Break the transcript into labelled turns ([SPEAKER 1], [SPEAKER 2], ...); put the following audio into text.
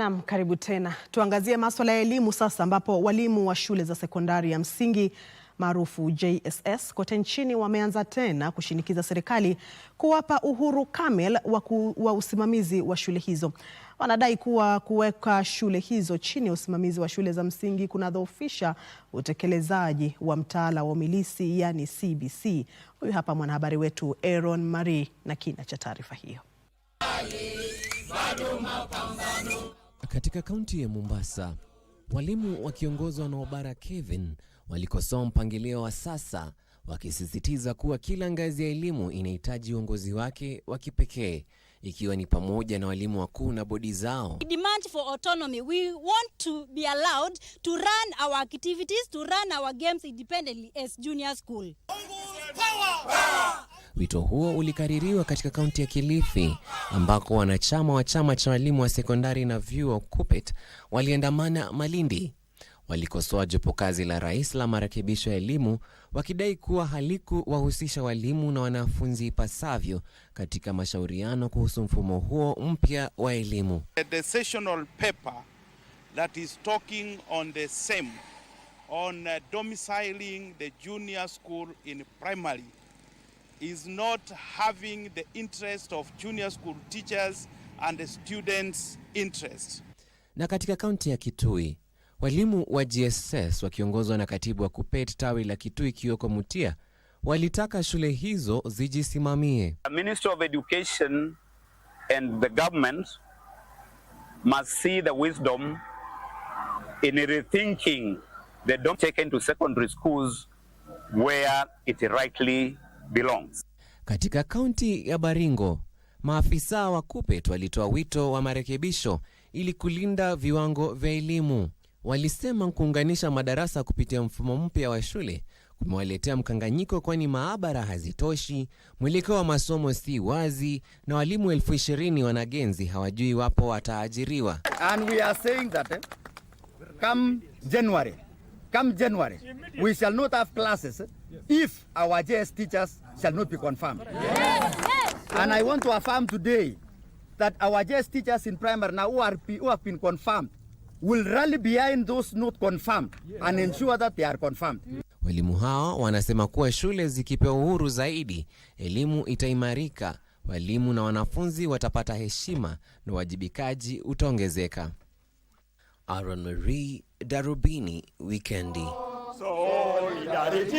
[SPEAKER 1] Naam, karibu tena. Tuangazie masuala ya elimu sasa ambapo walimu wa shule za sekondari ya msingi maarufu JSS kote nchini wameanza tena kushinikiza serikali kuwapa uhuru kamili wa, wa usimamizi wa shule hizo. Wanadai kuwa kuweka shule hizo chini ya usimamizi wa shule za msingi kunadhoofisha utekelezaji wa mtaala wa umilisi yani CBC. Huyu hapa mwanahabari wetu Aaron Marie na kina cha taarifa hiyo.
[SPEAKER 2] Katika kaunti ya Mombasa, walimu wakiongozwa na Obara Kevin walikosoa mpangilio wa sasa, wakisisitiza kuwa kila ngazi ya elimu inahitaji uongozi wake wa kipekee, ikiwa ni pamoja na walimu wakuu na bodi zao.
[SPEAKER 3] We demand for autonomy. We want to be allowed to run our activities, to run our games independently as junior school.
[SPEAKER 2] Wito huo ulikaririwa katika kaunti ya Kilifi ambako wanachama wa chama cha walimu wa sekondari na vyuo KUPPET waliandamana Malindi. Walikosoa jopo kazi la rais la marekebisho ya elimu wakidai kuwa halikuwahusisha walimu na wanafunzi ipasavyo katika mashauriano kuhusu mfumo huo mpya wa elimu.
[SPEAKER 4] On uh, domiciling the junior school in primary is not having the interest of junior school teachers and the students interest.
[SPEAKER 2] Na katika kaunti ya Kitui, walimu wa GSS wakiongozwa na katibu wa KUPPET tawi la Kitui Kioko Mutia walitaka shule hizo zijisimamie.
[SPEAKER 5] The Minister of Education and the government must see the wisdom in rethinking the dom taken to secondary schools where it rightly belongs.
[SPEAKER 2] Katika kaunti ya Baringo, maafisa wa KUPPET walitoa wito wa marekebisho ili kulinda viwango vya elimu. Walisema kuunganisha madarasa kupitia mfumo mpya wa shule kumewaletea mkanganyiko, kwani maabara hazitoshi, mwelekeo wa masomo si wazi, na walimu elfu ishirini wanagenzi hawajui wapo wataajiriwa.
[SPEAKER 6] And we are saying that, eh, come January come January, we shall not have classes if our JS teachers shall not be confirmed.
[SPEAKER 7] Yes.
[SPEAKER 6] And I want to affirm today that our JS teachers in primary now who, are, who have been confirmed will rally behind those not confirmed and ensure that they are confirmed.
[SPEAKER 2] Walimu hao wanasema kuwa shule zikipewa uhuru zaidi, elimu itaimarika, walimu na wanafunzi watapata heshima na uwajibikaji utaongezeka. Aaron Marie Darubini Weekendi. Solidarity